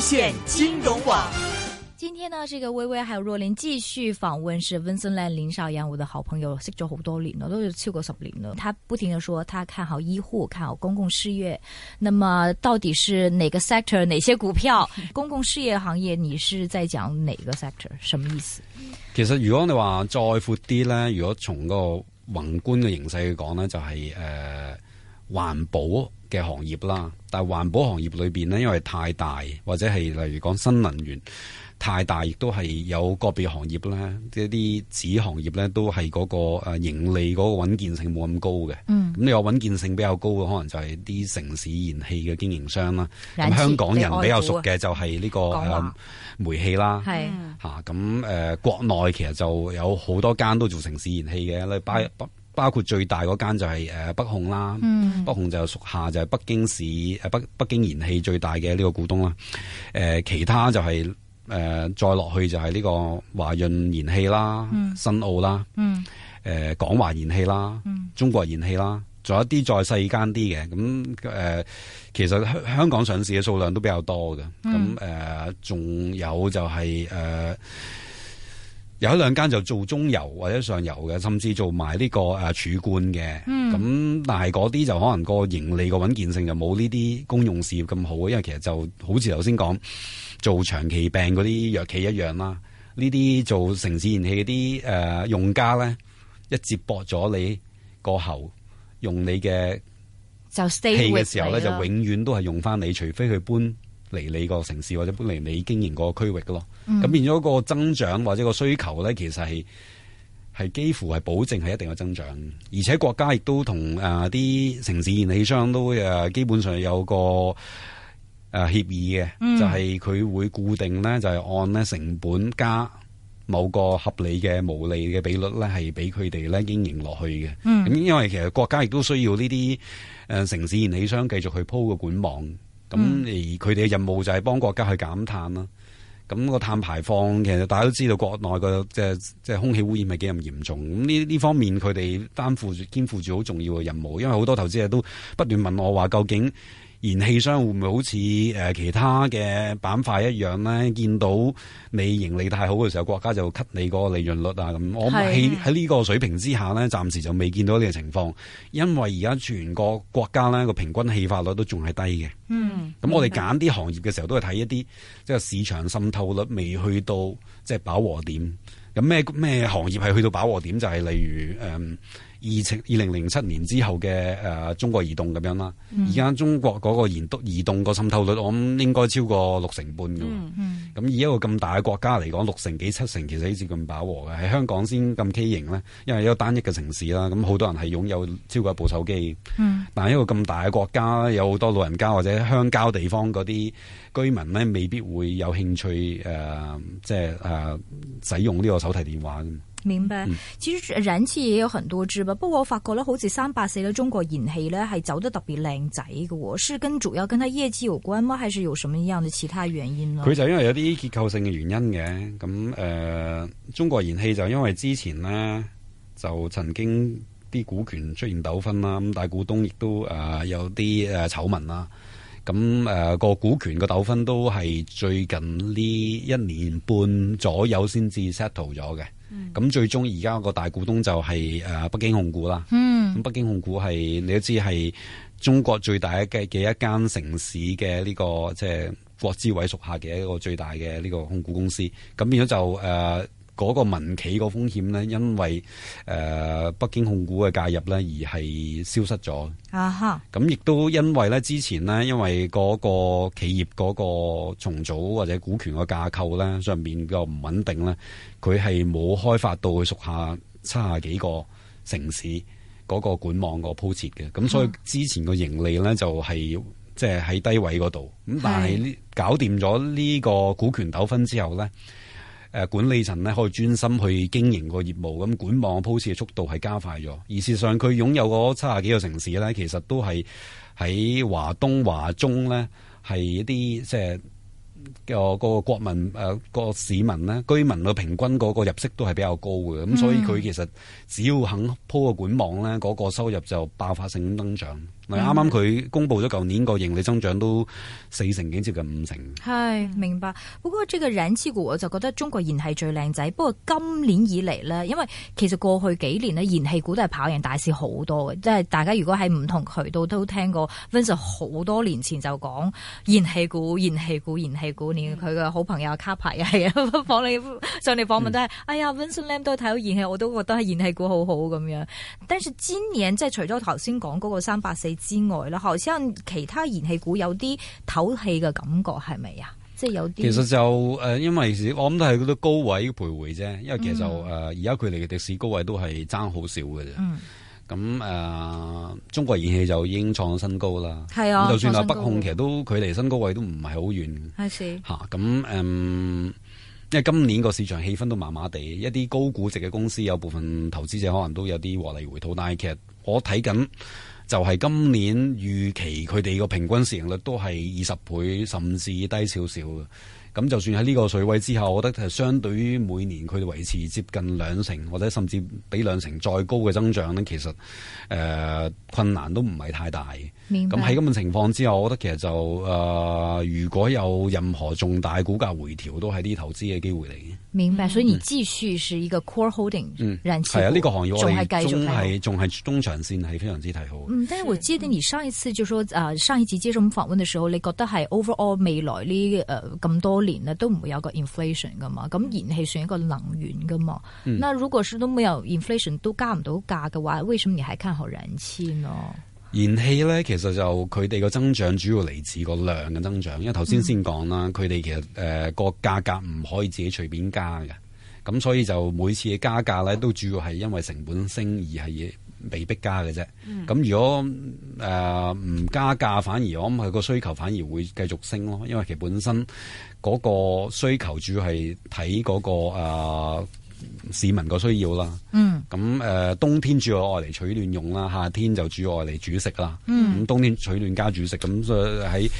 現金融網，今天呢，這個微微還有若琳繼續訪問是温森蘭林少陽，我的好朋友，識咗好多年咯，都有超過十年咯。他不停的說他看好醫護，看好公共事業。那麼到底是哪個 sector，哪些股票？公共事業行業，你是在講哪個 sector？什麼意思？其實如果你話再闊啲呢？如果從個宏觀嘅形勢去講呢，就係、是、誒。呃環保嘅行業啦，但係環保行業裏面呢，因為太大，或者係例如講新能源太大，亦都係有個別行業咧，即係啲子行業咧都係嗰個盈利嗰個穩健性冇咁高嘅。嗯，咁你話穩健性比較高嘅，可能就係啲城市燃氣嘅經營商啦。咁香港人比較熟嘅就係呢個誒煤氣啦。係吓，咁誒，國內其實就有好多間都做城市燃氣嘅。包括最大嗰間就係、是、誒、呃、北控啦，嗯、北控就屬下就係北京市誒北、呃、北京燃氣最大嘅呢個股東啦。誒、呃、其他就係、是、誒、呃、再落去就係呢個華潤燃氣啦、嗯、新奧啦、誒、嗯、港、呃、華燃氣啦、嗯、中國燃氣啦，仲有一啲再細間啲嘅。咁誒、呃、其實香港上市嘅數量都比較多嘅。咁誒仲有就係、是、誒。呃有一兩間就做中游或者上游嘅，甚至做埋、這、呢個誒儲罐嘅。咁、啊嗯、但係嗰啲就可能個盈利個穩健性就冇呢啲公用事業咁好，因為其實就好似頭先講做長期病嗰啲藥企一樣啦。呢啲做城市燃氣嗰啲誒用家咧，一接駁咗你個喉用你嘅氣嘅時候咧，就永遠都係用翻你，除非佢搬，嚟你個城市或者搬嚟你經營個區域咯，咁變咗個增長或者個需求咧，其實係係幾乎係保證係一定有增長，而且國家亦都同誒啲城市燃氣商都誒、呃、基本上有個誒、呃、協議嘅、嗯，就係、是、佢會固定咧就係、是、按咧成本加某個合理嘅毛利嘅比率咧係俾佢哋咧經營落去嘅。咁、嗯、因為其實國家亦都需要呢啲誒城市燃氣商繼續去鋪個管網。咁、嗯、而佢哋嘅任務就係幫國家去減碳啦。咁、個碳排放其實大家都知道國內嘅即係即係空氣污染係幾咁嚴重。咁呢呢方面佢哋擔負住肩負住好重要嘅任務，因為好多投資者都不斷問我話究竟。燃氣商會唔會好似誒其他嘅板塊一樣咧？見到你盈利太好嘅時候，國家就 cut 你嗰個利潤率啊咁。我喺喺呢個水平之下咧，暫時就未見到呢個情況，因為而家全個國,國家咧個平均氣化率都仲係低嘅。嗯，咁我哋揀啲行業嘅時候都係睇一啲即係市場滲透率未去到即係飽和點。咁咩咩行業係去到飽和點？就係、是、例如誒。嗯二二零零七年之後嘅、呃、中國移動咁樣啦，而、嗯、家中國嗰個移動移動個滲透率，我諗應該超過六成半嘅。咁、嗯嗯、以一個咁大嘅國家嚟講，六成幾七成其實已經咁飽和嘅，喺香港先咁畸形咧，因為一個單一嘅城市啦，咁好多人係擁有超過一部手機。嗯、但係一個咁大嘅國家，有好多老人家或者鄉郊地方嗰啲居民咧，未必會有興趣誒、呃，即係誒、呃、使用呢個手提電話。明白，其實燃氣也有很多支吧、嗯。不過我發覺咧，好似三八四咧，中國燃氣咧係走得特別靚仔嘅。是跟主要跟佢業績有關嗎？還是有什麼樣的其他原因呢？佢就因為有啲結構性嘅原因嘅。咁、嗯、誒、呃，中國燃氣就因為之前咧就曾經啲股權出現糾紛啦。咁大股東亦都誒、呃、有啲誒醜聞啦。咁誒個股權嘅糾紛都係最近呢一年半左右先至 settle 咗嘅。咁、嗯、最終而家個大股東就係、是、誒、呃、北京控股啦。咁、嗯、北京控股係你都知係中國最大一嘅一間城市嘅呢、這個即係、就是、國資委屬下嘅一個最大嘅呢個控股公司。咁變咗就誒。呃嗰、那個民企個風險咧，因為誒、呃、北京控股嘅介入咧，而係消失咗。啊哈！咁亦都因為咧，之前咧，因為嗰個企業嗰個重組或者股權嘅架構咧，上面個唔穩定咧，佢係冇開發到去屬下七十幾個城市嗰個管網個鋪設嘅。咁、uh -huh. 所以之前個盈利咧就係即係喺低位嗰度。咁但係搞掂咗呢個股權糾紛之後咧。誒，管理層咧，可以專心去經營個業務，咁管網鋪設嘅速度係加快咗。而事實上，佢擁有嗰七十幾個城市咧，其實都係喺華東、華中咧，係一啲即係個個國民誒個市民咧，居民嘅平均嗰個入息都係比較高嘅。咁、嗯、所以佢其實只要肯鋪個管網咧，嗰、那個收入就爆發性增長。啱啱佢公布咗舊年個盈利增長都四成幾，接近五成。係明白，不過即係個靚股，我就覺得中國燃氣最靚仔。不過今年以嚟呢，因為其實過去幾年呢，燃氣股都係跑贏大市好多嘅，即、就、係、是、大家如果喺唔同渠道都，都聽過 Vincent 好多年前就講燃氣股、燃氣股、燃氣股，佢嘅、嗯、好朋友卡牌又係啊， 上嚟訪問都係、嗯，哎呀 Vincent Lam 都睇到燃氣，我都覺得係燃氣股好好咁樣。但是今年即係除咗頭先講嗰個三百四。之外啦，頭先其他燃氣股有啲唞氣嘅感覺係咪啊？即係、就是、有啲。其實就誒、呃，因為我諗都係嗰啲高位徘徊啫。因為其實就誒，而家佢離嘅歷史高位都係爭好少嘅啫。咁、嗯、誒、嗯呃，中國燃氣就已經創新高啦。係啊，就算話，北控其實都佢離新高位都唔係好遠。係吓咁誒，因為今年個市場氣氛都麻麻地，一啲高估值嘅公司有部分投資者可能都有啲獲利回吐，但係其實我睇緊。就係今年預期佢哋個平均市盈率都係二十倍，甚至低少少。咁就算喺呢個水位之後，我覺得係相對於每年佢哋維持接近兩成，或者甚至比兩成再高嘅增長咧，其實誒、呃、困難都唔係太大。明白。咁喺咁嘅情況之下，我覺得其實就誒、呃、如果有任何重大股價回調都係啲投資嘅機會嚟嘅。明白。所以你繼續是一個 core holding，嗯，係、嗯、啊、呢、這個行業我仲係繼續，仲係中長線係非常之睇好。嗯。但係我記得你上一次就說誒上一集接受訪問嘅時候，你覺得係 overall 未來呢誒咁多。每年咧都唔會有個 inflation 噶嘛，咁燃氣算一個能源噶嘛、嗯，那如果是都冇有 inflation 都加唔到價嘅話，為什麼你還看好兩千咯？燃氣呢，其實就佢哋個增長主要嚟自個量嘅增長，因為頭先先講啦，佢、嗯、哋其實誒、呃那個價格唔可以自己隨便加嘅，咁所以就每次嘅加價呢，都主要係因為成本升而係被逼加嘅啫，咁如果誒唔、呃、加價，反而我諗佢個需求反而會繼續升咯，因為其實本身嗰個需求主要係睇嗰個誒、呃、市民個需要啦。嗯，咁誒、呃、冬天主要外嚟取暖用啦，夏天就主要外嚟煮食啦。嗯，咁冬天取暖加煮食，咁所以喺。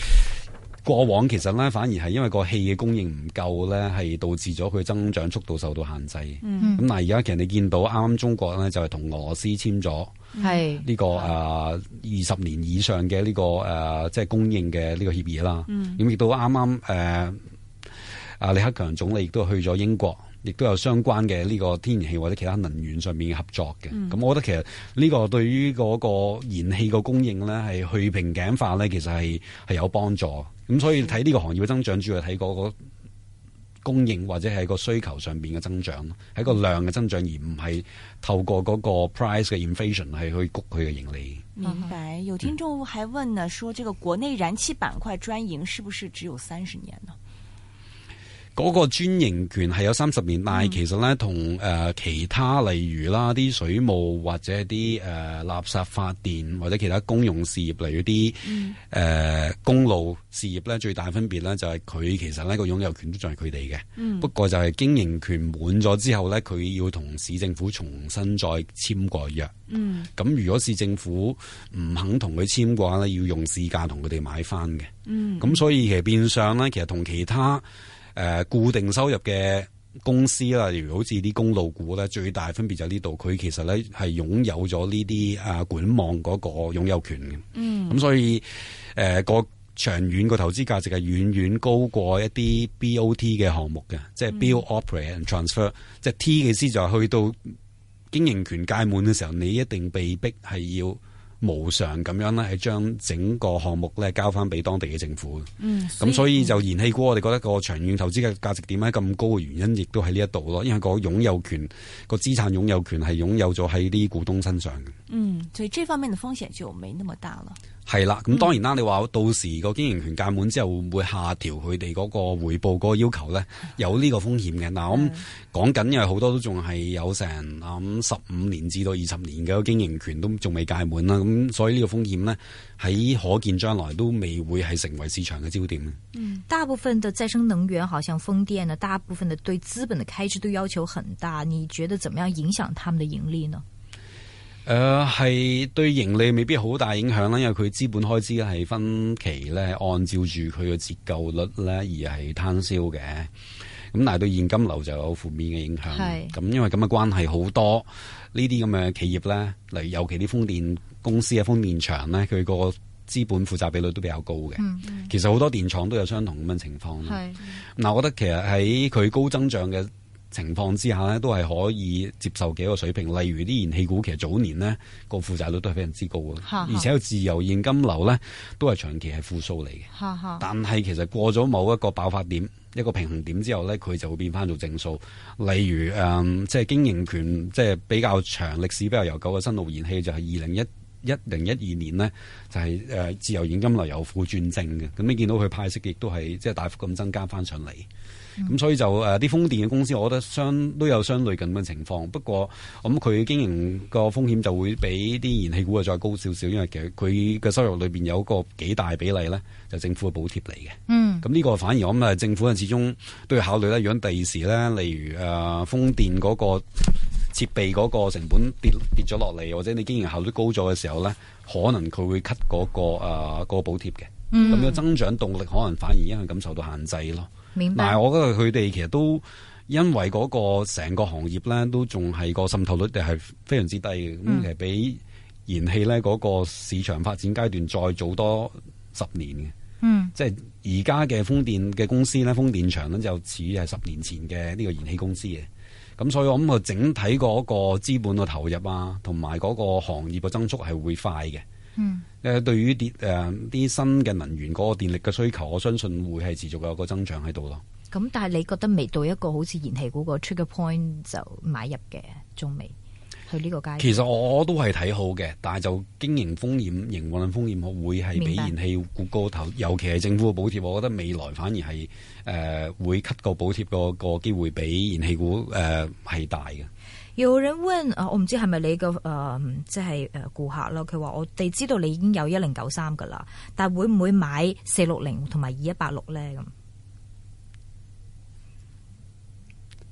過往其實咧，反而係因為個氣嘅供應唔夠咧，係導致咗佢增長速度受到限制。咁、嗯、嗱，而家其實你見到啱啱中國咧就係、是、同俄羅斯簽咗呢、呢個誒二十年以上嘅呢、呢個誒即係供應嘅呢個協議啦。咁亦都啱啱誒啊李克強總理亦都去咗英國。亦都有相關嘅呢個天然氣或者其他能源上面嘅合作嘅，咁、嗯、我覺得其實呢個對於嗰個燃氣個供應呢，係去瓶頸化呢，其實係有幫助。咁所以睇呢個行業嘅增長，主要睇嗰個供應或者係個需求上面嘅增長，係一個量嘅增長，而唔係透過嗰個 price 嘅 inflation 係去谷佢嘅盈利。明白。有聽眾還問呢，說這個國內燃氣板塊專營是不是只有三十年呢？嗰、那個專營權係有三十年，但係其實咧同誒其他例如啦啲水務或者啲誒、呃、垃圾發電或者其他公用事業例如啲誒公路事業咧，最大分別咧就係佢其實呢個擁有權都仲係佢哋嘅，不過就係經營權滿咗之後咧，佢要同市政府重新再簽個約。嗯，咁如果市政府唔肯同佢簽嘅話咧，要用市價同佢哋買翻嘅。嗯，咁所以其實變相咧，其實同其他誒固定收入嘅公司啦，例如好似啲公路股咧，最大分別就係呢度，佢其實咧係擁有咗呢啲啊管網嗰個擁有權嘅。嗯，咁、嗯、所以誒個、呃、長遠嘅投資價值係遠遠高過一啲 BOT 嘅項目嘅、嗯，即係 Build、Operate and Transfer，即係 T 嘅意思就係去到經營權屆滿嘅時候，你一定被逼係要。無償咁樣咧，係將整個項目咧交翻俾當地嘅政府。嗯，咁所，所以就燃氣股我哋覺得個長遠投資嘅價值點解咁高嘅原因，亦都喺呢一度咯。因為個擁有權、個資產擁有權係擁有咗喺啲股東身上嘅。嗯，所以呢方面嘅風險就冇咁大啦。係啦，咁當然啦。你話到時個經營權屆滿之後會唔會下調佢哋嗰個回報嗰個要求呢？有呢個風險嘅。嗱，我講緊因為好多都仲係有成十五年至到二十年嘅經營權都仲未屆滿啦。咁所以呢個風險呢，喺可見將來都未會係成為市場嘅焦點嘅。嗯，大部分嘅再生能源，好像風電啊，大部分嘅對資本嘅開支都要求很大。你覺得怎麼樣影響他們的盈利呢？誒、呃，係對盈利未必好大影響啦，因為佢資本開支咧係分期咧，按照住佢嘅折舊率咧而係攤銷嘅。咁但係對現金流就有負面嘅影響。咁，因為咁嘅關係好多呢啲咁嘅企業咧，嚟尤其啲風電公司嘅風電場咧，佢個資本負債比率都比較高嘅，嗯。其實好多電廠都有相同咁嘅情況。嗱，我覺得其實喺佢高增長嘅情況之下咧，都係可以接受嘅一個水平。例如啲燃氣股，其實早年咧個負債率都係非常之高嘅，而且個自由現金流咧都係長期係負數嚟嘅。但係其實過咗某一個爆發點、一個平衡點之後呢，佢就會變翻做正數。例如誒，即、呃、係、就係、經營權即係、就係、比較長、歷史比較悠久嘅新奧燃氣，就係二零一一、二零一二年呢，就係、係、誒、呃、自由現金流由負轉正嘅。咁你見到佢派息亦都係即係大幅咁增加翻上嚟。咁、嗯、所以就誒，啲、啊、風電嘅公司，我覺得相都有相類近嘅情況。不過，咁佢經營個風險就會比啲燃氣股啊再高少少，因為其實佢嘅收入裏邊有個幾大比例咧，就是、政府嘅補貼嚟嘅。嗯，咁呢個反而咁啊，我政府啊始終都要考慮啦，如果第二時咧，例如誒、啊、風電嗰個設備嗰個成本跌跌咗落嚟，或者你經營效率高咗嘅時候咧，可能佢會 cut 嗰、嗰個誒、啊嗰個補貼嘅。咁樣、嗯、增長動力可能反而因為咁受到限制咯。明白。但係我覺得佢哋其實都因為嗰個成個行業咧，都仲係個滲透率係非常之低嘅。咁、嗯、其實比燃氣咧嗰個市場發展階段再早多十年嘅。嗯。即係而家嘅風電嘅公司咧，風電場咧就似係十年前嘅呢個燃氣公司嘅。咁所以我諗個整體嗰個資本嘅投入啊，同埋嗰個行業嘅增速係會快嘅。嗯，誒，對於啲誒啲新嘅能源嗰個電力嘅需求，我相信會係持續有一個增長喺度咯。咁、嗯、但係你覺得未到一個好似燃氣股個 trigger point 就買入嘅，仲未？去呢個階段？其實我都係睇好嘅，但係就經營風險、營運風險，我會係比燃氣股高頭，尤其係政府嘅補貼，我覺得未來反而係誒、呃、會 cut 個補貼個個機會比燃氣股誒係、呃、大嘅。有人問啊、哦，我唔知係咪你個誒，即係誒顧客啦。佢話我哋知道你已經有一零九三噶啦，但會唔會買四六零同埋二一八六咧？咁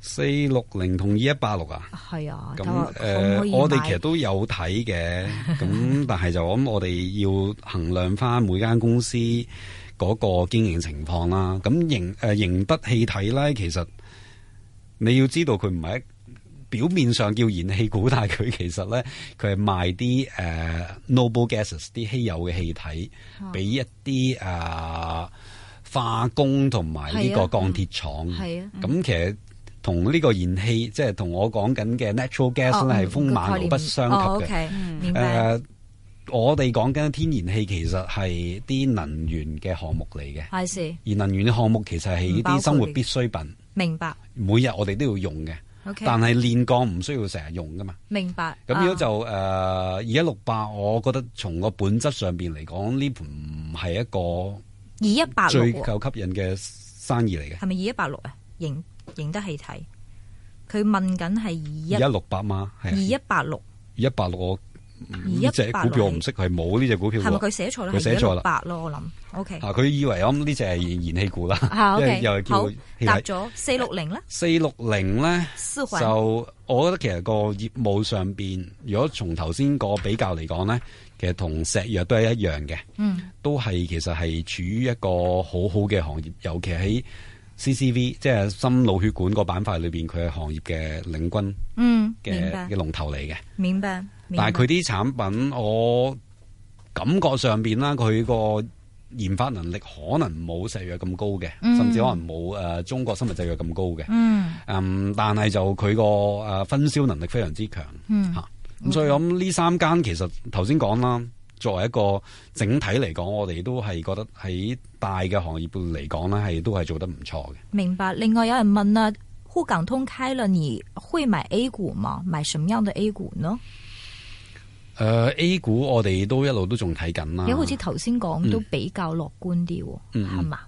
四六零同二一八六啊？係啊，咁、嗯、誒、呃，我哋其實都有睇嘅，咁 但係就咁，我哋要衡量翻每間公司嗰個經營情況啦。咁盈誒盈德氣體咧，其實你要知道佢唔係一表面上叫燃氣股，但係佢其實咧，佢係賣啲誒、uh, noble gases 啲稀有嘅氣體，俾一啲誒、uh, 化工同埋呢個鋼鐵廠，係啊，咁、啊啊嗯、其實同呢個燃氣即係同我講緊嘅 natural gas 咧，係、哦嗯、風馬牛不相及嘅。誒、哦 okay, 嗯嗯啊，我哋講緊天然氣其實係啲能源嘅項目嚟嘅，係，而能源嘅項目其實係啲生活必需品，明白，每日我哋都要用嘅。Okay. 但係練鋼唔需要成日用噶嘛？明白。咁如果就誒，二一六八，呃、我覺得從個本質上邊嚟講，呢盤唔係一個二一八六最夠吸引嘅生意嚟嘅。係咪二一八六啊？認認得係睇。佢問緊係二一六八嘛？嗎？二一八六。二一八六。我。呢隻股票我唔識，係冇呢隻股票。係咪佢寫錯咧？佢寫錯啦。一咯，我諗。O、okay. K、啊。佢以為啱呢隻係燃氣股啦，ah, okay. 又係叫是是搭咗四六零呢？四六零咧，就我覺得其實個業務上邊，如果從頭先個比較嚟講咧，其實同石藥都係一樣嘅。嗯，都係其實係處於一個好好嘅行業，尤其喺。CCV 即係心腦血管個板塊裏邊，佢係行業嘅領軍的龍的，嘅嘅龍頭嚟嘅。明白，但係佢啲產品，我感覺上邊啦，佢個研發能力可能冇石藥咁高嘅，嗯，甚至可能冇誒、呃、中國生物製藥咁高嘅。嗯，嗯，但係就佢個誒分銷能力非常之強。吓、嗯、咁、啊、所以咁呢、嗯、三間其實頭先講啦。.作為一個整體嚟講，我哋都係覺得喺大嘅行業嚟講咧，係都係做得唔錯嘅。明白。另外有人問啦，滬港通開了，你會買 A 股嗎？買什麼樣的 A 股呢？誒、呃、A 股我哋都一路都仲睇緊啦。你、呃、好似頭先講都比較樂觀啲，係、嗯、嘛？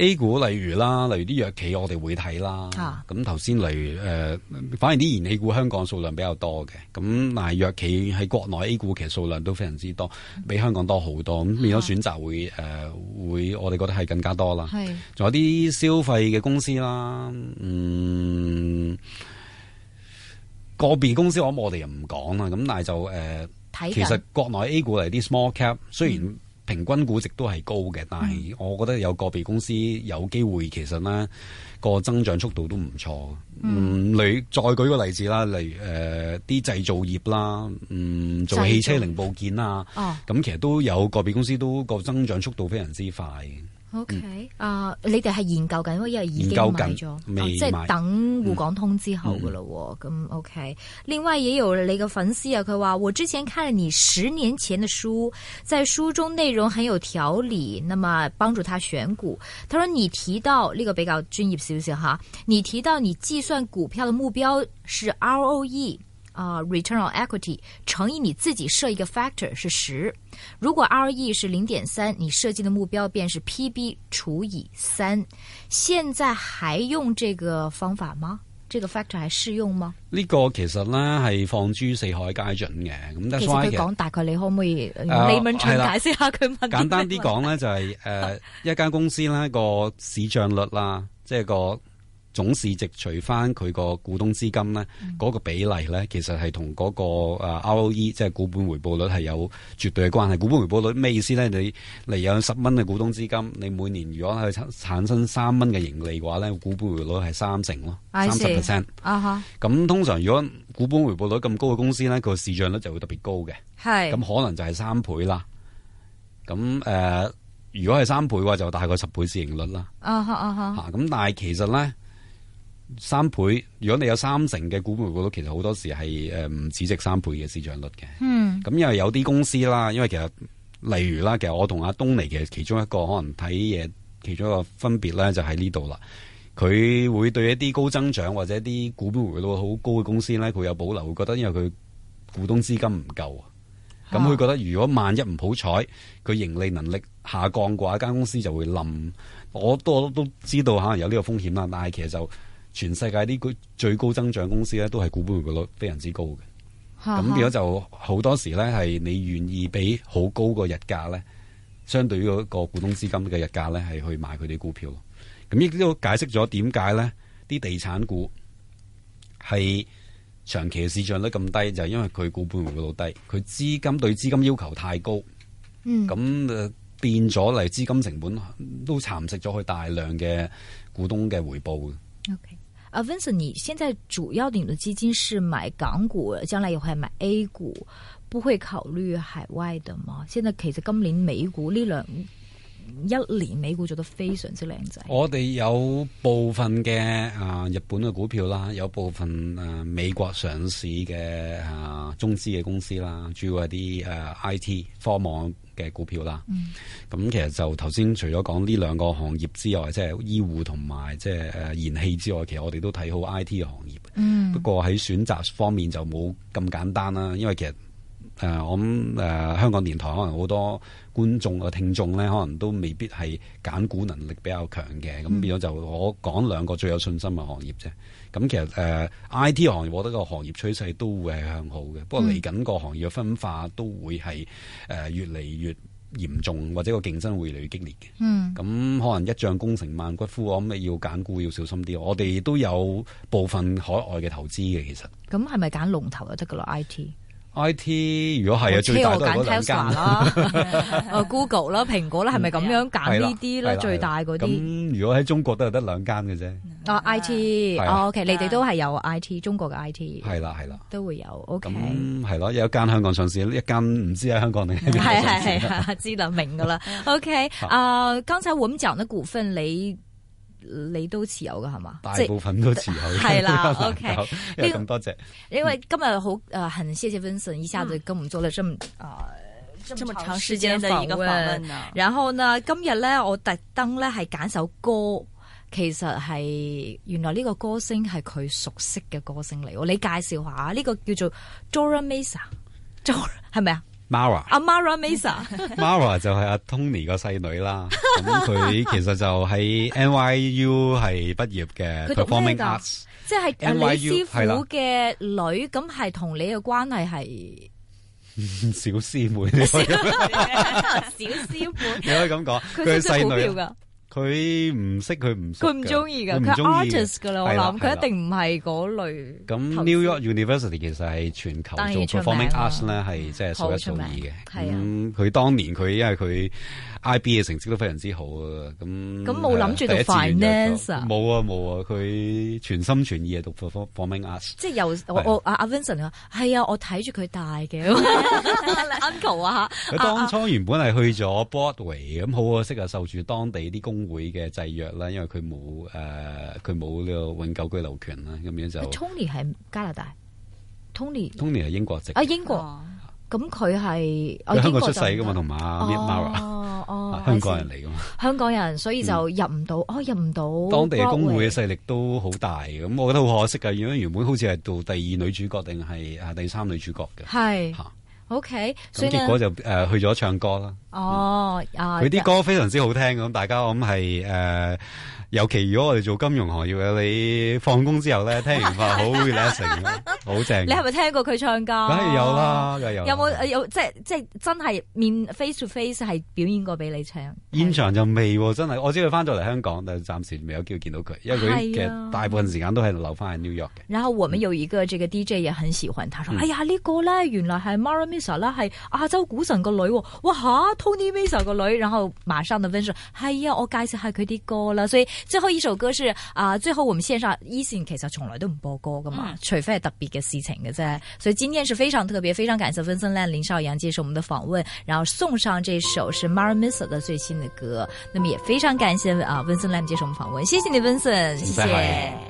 A 股例如啦，例如啲藥企我哋會睇啦。咁頭先例如誒、呃，反而啲燃氣股香港數量比較多嘅。咁、嗯、但係藥企喺國內 A 股其實數量都非常之多、嗯，比香港多好多。咁變咗選擇會誒會，嗯呃、會我哋覺得係更加多啦。仲、嗯、有啲消費嘅公司啦，嗯，個別公司我諗我哋又唔講啦。咁但係就誒、呃，其實國內 A 股嚟啲 small cap 雖然、嗯。平均估值都係高嘅，但係我覺得有個別公司有機會，其實呢個增長速度都唔錯。嗯，例再舉一個例子啦，例如誒啲製造業啦，嗯做汽車零部件啊，咁其實都有個別公司都個增長速度非常之快。O K，啊，uh, 你哋係研究緊，因為已經買咗，即係、啊、等滬港通之後噶咯。咁 O K，另外也有你個粉絲啊佢話，我之前看了你十年前嘅書，在書中內容很有條理，那麼幫助他選股。他說你提到呢個比較專業，少少哈，你提到你計算股票嘅目標是 ROE。啊、uh,，return on equity 乘以你自己設一個 factor 是十，如果 RE 是零點三，你設計的目標便是 PB 除以三。現在還用這個方法嗎？這個 factor 還適用嗎？呢、這個其實呢係放諸四海皆準嘅，咁但係其實佢講大概你可唔可以李文才解、呃、解下佢？簡單啲講呢，就係、是、誒， uh, 一間公司呢個市賬率啦，即、就、係、是、個。總市值除翻佢個股東資金咧，嗰、嗯、個比例咧，其實係同嗰個 ROE，即係股本回報率係有絕對嘅關係。股本回報率咩意思咧？你嚟有十蚊嘅股東資金，你每年如果係產生三蚊嘅盈利嘅話咧，股本回報率係三成咯，三十 percent。咁通常如果股本回報率咁高嘅公司咧，個市賬率就會特別高嘅。咁可能就係三倍啦。咁、呃、如果係三倍嘅話，就大概十倍市盈率啦。咁、uh -huh. uh -huh. 啊、但係其實咧。三倍，如果你有三成嘅股本回報率，其實好多時係誒唔止值三倍嘅市賬率嘅。嗯，咁因為有啲公司啦，因為其實例如啦，其實我同阿東尼嘅其，其中一個可能睇嘢，其中一個分別咧就喺呢度啦。佢會對一啲高增長或者一啲股本回報率好高嘅公司咧，佢有保留，會覺得因為佢股東資金唔夠啊。咁佢覺得如果萬一唔好彩，佢盈利能力下降嘅話，間公司就會冧。我都我都知道可能有呢個風險啦，但係其實就。全世界啲高最高增長公司咧，都係股本回報率非常之高嘅。咁變咗就好多時咧，係你願意俾好高個日價咧，相對於嗰個股東資金嘅日價咧，係去買佢啲股票咯。咁亦都解釋咗點解咧，啲地產股係長期市賬率咁低，就係、是、因為佢股本回報率低，佢資金對資金要求太高，咁、嗯、變咗嚟資金成本都蠶食咗佢大量嘅股東嘅回報。O K，阿 Vincent，你現在主要領的基金是買港股，將來也會買 A 股，不會考慮海外的嗎？現在其實今年美股利潤。一年美股做得非常之靚仔，我哋有部分嘅啊、呃、日本嘅股票啦，有部分誒、呃、美國上市嘅啊、呃、中資嘅公司啦，主要係啲誒 IT 科網嘅股票啦。咁、嗯、其實就頭先除咗講呢兩個行業之外，即、就、係、是、醫護同埋即係誒燃氣之外，其實我哋都睇好 IT 嘅行業。嗯、不過喺選擇方面就冇咁簡單啦，因為其實。誒、呃，我諗、呃、香港電台可能好多觀眾啊聽眾咧，可能都未必係揀股能力比較強嘅，咁變咗就我講兩個最有信心嘅行業啫。咁其實誒、呃嗯、I T 行業我覺得個行業趨勢都會係向好嘅，不過嚟緊個行業嘅分化都會係、呃、越嚟越嚴重，或者個競爭會越嚟越激烈嘅。嗯，咁可能一將功成萬骨枯，我諗你要揀股要小心啲。我哋都有部分海外嘅投資嘅，其實。咁係咪揀龍頭就得㗎啦？I T I T 如果係有最大 t e 嗰兩間啦，Google 啦，蘋果啦，係咪咁樣揀呢啲咧？最大嗰啲。咁、啊 啊啊嗯、如果喺中國都係得兩間嘅啫。哦 I T，OK，你哋都係有 I T，中國嘅 I T。係啦係啦，都會有 OK。咁係咯，有一間香港上市，一間唔知喺香港定係邊度上市。係係係，知道了明噶啦。 OK，啊、呃，剛才我們講嘅股份你。你都持有嘅係嘛？大部分都持有的，係、就、啦、是。O、okay、K，因為咁，多謝，因為今日好誒，很謝謝 Vincent，以下就咁唔做咗咁、嗯、啊，咁長時間嘅一個訪問。然後呢，今日咧我特登咧係揀首歌，其實係原來呢個歌星係佢熟悉嘅歌星嚟。我你介紹下呢、呢個叫做 Jora Masa，Jor 係咪啊？Mara，阿 Mara Mesa，Mara 就係阿 Tony 個細女啦，咁佢其實就喺 NYU 係畢業嘅，佢讀咩噶？即係 NYU 係啦，師傅嘅女，咁係同你嘅關係係小師妹，小師妹，你可以咁講，佢係細女噶。佢唔識，佢唔佢唔中意噶，佢 artist 噶啦，我諗佢一定唔係嗰類。咁 New York University 其實係全球做 performing arts 咧、啊、係即係數一好數一數二嘅。咁佢、嗯、當年佢因為佢 IB 嘅成績都非常之好啊，咁咁冇諗住讀 finance 啊？冇啊冇啊！佢全心全意係讀 performing arts 即。即係由我阿 Vincent 啊，係啊，我睇住佢大嘅 uncle 啊，佢當初原本係去咗 Broadway 咁好啊，識啊受住當地啲工。工會嘅制約啦，因為佢冇誒，佢冇呢個永久居留權啦，咁樣就。Tony 係加拿大，Tony，Tony 係 Tony 英國籍的啊，英國。咁佢係香港出世噶嘛，同埋 Mia Mara，香港人嚟噶嘛，香港人，所以就入唔到、嗯，哦，入唔到。當地嘅工會嘅勢力都好大，咁我覺得好可惜噶。原本好似係做第二女主角，定係啊第三女主角嘅，係、啊、，OK、嗯。所以結果就誒去咗唱歌啦。哦，佢、嗯、啲、啊、歌非常之好聽咁，大家我諗係誒，尤其如果我哋做金融行業嘅 聰明， 你放工之後咧聽完翻好嘅一成，好正。你係咪聽過佢唱歌？梗係有啦，梗、啊有，有，有，啊、有。有冇有即係即係真係面 face to face 係表演過俾你聽？現場就未真係，我知佢翻到嚟香港，但係暫時未有機會見到佢，因為佢其實大部分時間都係留翻喺 New York 嘅。然後我們有一個這個 DJ 也很喜歡，他說：，嗯、哎呀、這個、呢個咧，原來係 Mara Misa 啦，係亞洲股神個女，哇 Tony Vincent 個女，然後馬上的 Vincent、 哎、我該是的歌了，所以最後一首歌是啊、呃，最後我們線上其實從來都唔播歌的嘛，除非特別的事情啫。 所以今天是非常特別，非常感謝 Vincent Lam 林少陽接受我們的訪問，然後送上這首是 Marissa 的最新的歌。那麼也非常感謝啊 Vincent Lam 接受我們訪問，謝謝你 Vincent。Vincent，謝謝。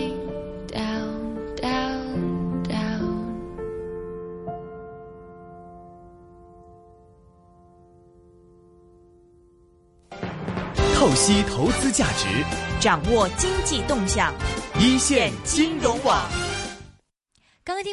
剖析投資價值，掌握經濟動向，一綫金融網。剛剛聽。